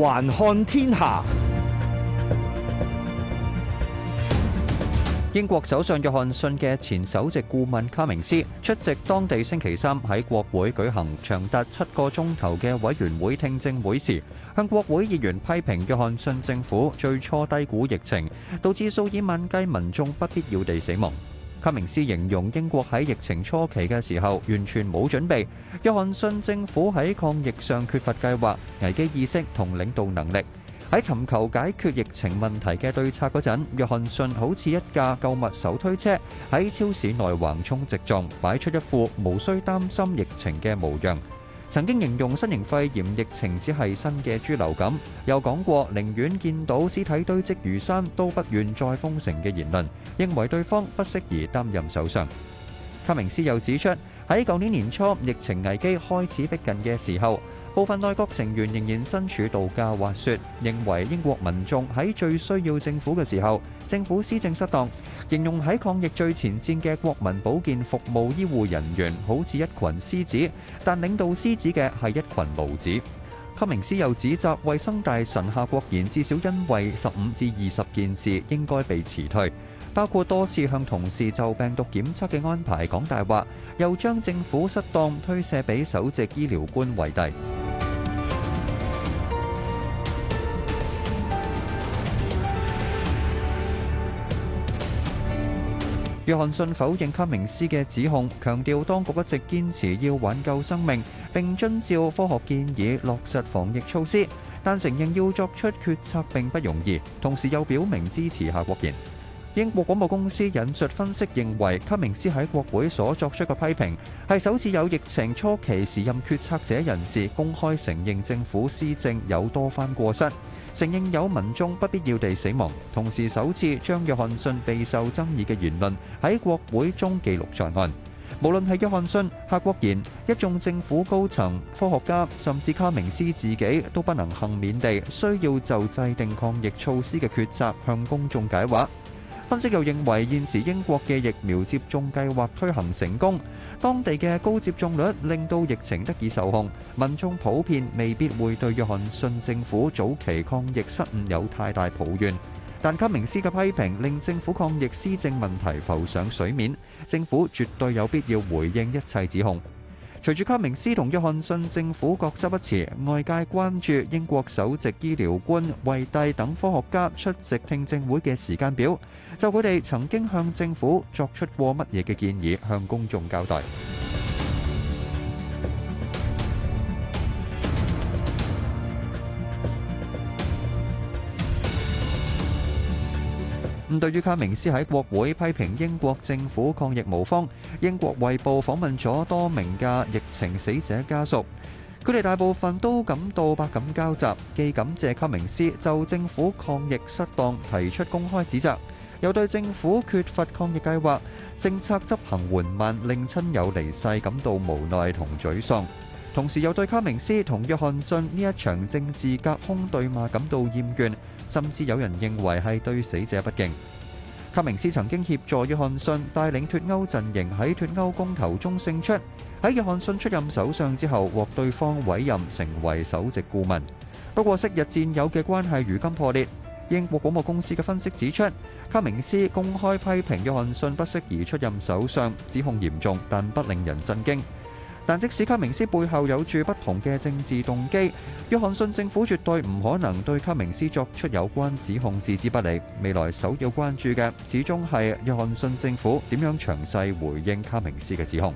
環看天下，英國首相約翰遜嘅前首席顧問卡明斯出席當地星期三喺國會舉行長達七個鐘頭嘅委員會聽證會時，向國會議員批評約翰遜政府最初低估疫情，導致數以萬計民眾不必要地死亡。卡明斯形容英國喺疫情初期嘅時候完全冇準備，約翰遜政府喺抗疫上缺乏計劃、危機意識同領導能力。喺尋求解決疫情問題嘅對策嗰陣，約翰遜好似一架購物手推車喺超市內橫衝直撞，擺出一副無需擔心疫情嘅模樣曾經形容新型肺炎疫情只係新嘅豬流感，又講過寧願見到屍體堆積如山都不願再封城嘅言論，認為對方不適宜擔任首相。卡明斯又指出：喺舊年年初疫情危機開始逼近嘅時候，部分內閣成員仍然身處度假滑雪，認為英國民眾喺最需要政府嘅時候，政府施政失當，形容喺抗疫最前線嘅國民保健服務醫護人員好似一群獅子，但領導獅子嘅係一群驢子。卡明斯又指責衛生大臣夏國賢至少因為十五至二十件事應該被辭退。包括多次向同事就病毒檢測嘅安排講大話，又將政府失當推卸俾首席醫療官為第。約翰遜否認卡明斯嘅指控，強調當局一直堅持要挽救生命，並遵照科學建議落實防疫措施，但承認要作出決策並不容易。同時又表明支持夏國賢。英國廣播公司引述分析認為，卡明斯喺國會所作出嘅批評係首次有疫情初期時任決策者人士公開承認政府施政有多番過失，承認有民眾不必要地死亡，同時首次將約翰遜備受爭議嘅言論喺國會中記錄在案。無論係約翰遜、夏國賢，一眾政府高層、科學家，甚至卡明斯自己，都不能幸免地需要就制定抗疫措施嘅抉擇向公眾解話。分析又認為現時英國嘅疫苗接種計劃推行成功，當地嘅高接種率令到疫情得以受控，民眾普遍未必會對約翰遜政府早期抗疫失誤有太大抱怨，但卡明斯嘅批評令政府抗疫施政問題浮上水面，政府絕對有必要回應一切指控。隨住卡明斯同約翰遜政府各執一詞，外界關注英國首席醫療官惠蒂等科學家出席聽證會嘅時間表，就佢哋曾經向政府作出過乜嘢嘅建議，向公眾交代。咁對於卡明斯喺國會批評英國政府抗疫無方，英國衞報訪問咗多名嘅疫情死者家屬，佢哋大部分都感到百感交集，既感謝卡明斯就政府抗疫失當提出公開指責，又對政府缺乏抗疫計劃、政策執行緩慢令親友離世感到無奈同沮喪，同時又對卡明斯同約翰遜呢一場政治隔空對罵感到厭倦。甚至有人認為係對死者不敬。卡明斯曾經協助約翰遜帶領脱歐陣營喺脱歐公投中勝出，喺約翰遜出任首相之後，獲對方委任成為首席顧問。不過，昔日戰友嘅關係如今破裂。英國廣播公司嘅分析指出，卡明斯公開批評約翰遜不適宜出任首相，指控嚴重，但不令人震驚。但即使卡明斯背後有住不同嘅政治動機，約翰遜政府絕對唔可能對卡明斯作出有關指控，置之不理。未來首要關注嘅，始終係約翰遜政府點樣詳細回應卡明斯嘅指控。